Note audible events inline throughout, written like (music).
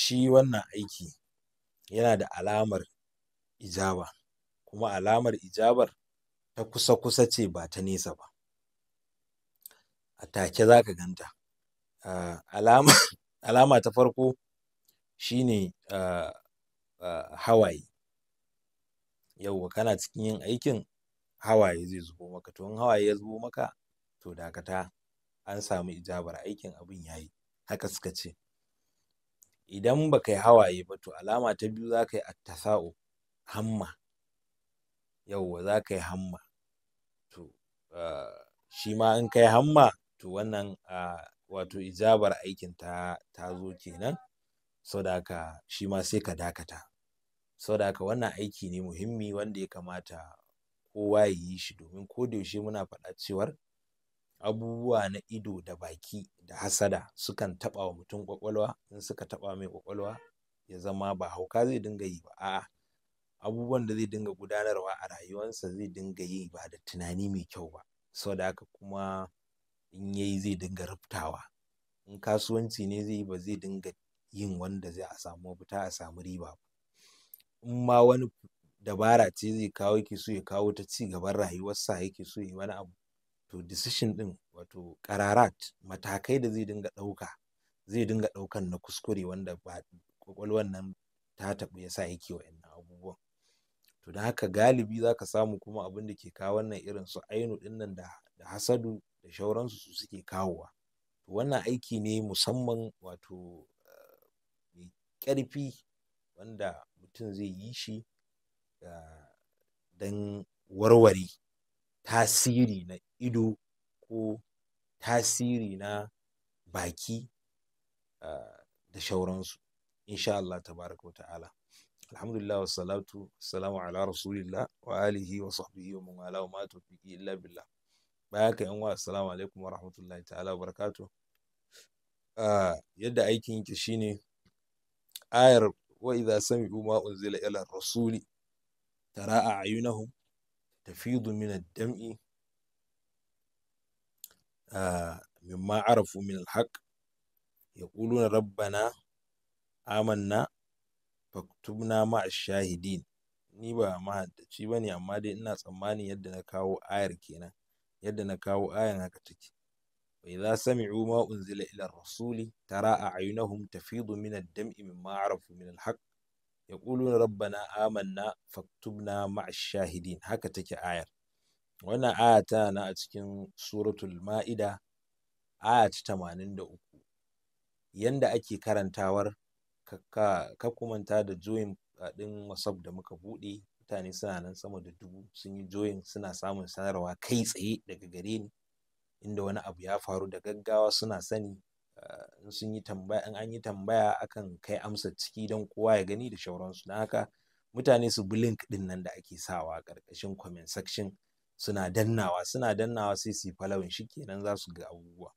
shi wannan aiki yana da alamar ijaba kuma alamar ijabar ta kusa-kusa ce ba ta nesa ba a take za ka ganta ah, (laughs) alama, ta farko shi ne ah, ah, hawaye yauwa kana cikin yin aikin hawaye zai zubo maka to in hawaye ya zubo maka to dakata an samu ijabar aikin abin ya yi. haka suka ce idan ba kai hawaye ba to alama ta biyu za ka yi attasa'u hamma yauwa za ka hamma to ah, shi ma in kai hamma to wannan ah, wato ijabar aikin ta ta zo kenan sau da haka shi ma sai ka dakata sau da haka wannan aiki ne muhimmi wanda ya kamata kowa ya yi shi domin ko yaushe muna faɗa cewar abubuwa na ido da baki da hasada sukan taɓa wa mutum ƙwaƙwalwa in suka taɓa mai kwakwalwa, ya zama ba hauka zai dinga yi ba a'a abubuwan da zai dinga gudanarwa a rayuwarsa zai dinga yi ba da tunani mai kyau ba saboda haka kuma in ya yi zai dinga rubtawa in kasuwanci ne zai yi ba zai dinga yin wanda zai a samu mafita a samu riba ba in ma wani dabara ce zai kawo yake so ya kawo ta ci gaban rayuwarsa yake so ya yi wani abu wato decision ɗin wato kararat matakai da zai dinga ɗauka zai dinga ɗaukan na kuskure wanda ba kwakwalwan nan ta tabu ya sa yake wayannan abubuwan to don haka galibi za ka samu kuma abin da ke kawo wannan irin su ainu din nan da hasadu da shauransu su suke kawowa to wannan aiki ne musamman wato eh, mai ƙarfi wanda mutum zai yi shi eh, don warware tasiri na ido ko tasiri na baki ah, da shauransu insha Allah tabaraka ta'ala alhamdulillah wassalatu wassalamu ala rasulillah wa alihi wa sahbihi wa man wala wa ma tawfiqi illa billah baya ka yan wa assalamu alaikum wa rahmatullahi ta'ala wa barakatuh ah, yadda aikin yake shine ayar wa idza sami'u ma unzila ila rasuli tara a'yunahum tafidu min dam'i mimma arafu min alhaq yaquluna rabbana amanna faktubna ma shahidin ni ba mahaddaci ne amma dai ina tsammanin yadda na kawo ayar kenan yadda na kawo ayan haka take bai za sami'u ma unzila ila rasuli tara a'yunahum tafidu min ad-dam'i mimma arafu min al ya yaquluna rabbana amanna faktubna ma'ash haka take ayar wannan aya ta na a cikin suratul ma'ida aya ta uku. yanda ake karantawar ka kumanta da juyin din whatsapp da muka buɗe, mutane suna nan sama da dubu sun yi join suna samun sanarwa kai tsaye daga gare ni inda wani abu ya faru da gaggawa suna sani in sun yi tambaya in an yi tambaya akan kai amsa ciki don kowa ya gani da shauransu Na haka mutane su bi link din nan da ake sawa karkashin comment section suna dannawa suna dannawa sai su yi falawin shi kenan za su ga abubuwa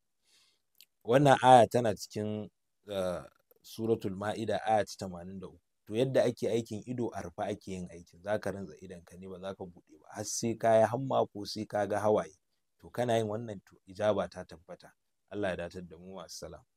wannan aya tana cikin eh, suratul ma'ida aya ta tamanin da uku to yadda ake aikin ido a rufe ake yin aikin za ka rantsa idon ka ne ba za ka buɗe ba har sai ka yi hamma ko sai ka ga hawaye to kana yin wannan to ijaba ta tabbata Allah ya datar da mu wa assalam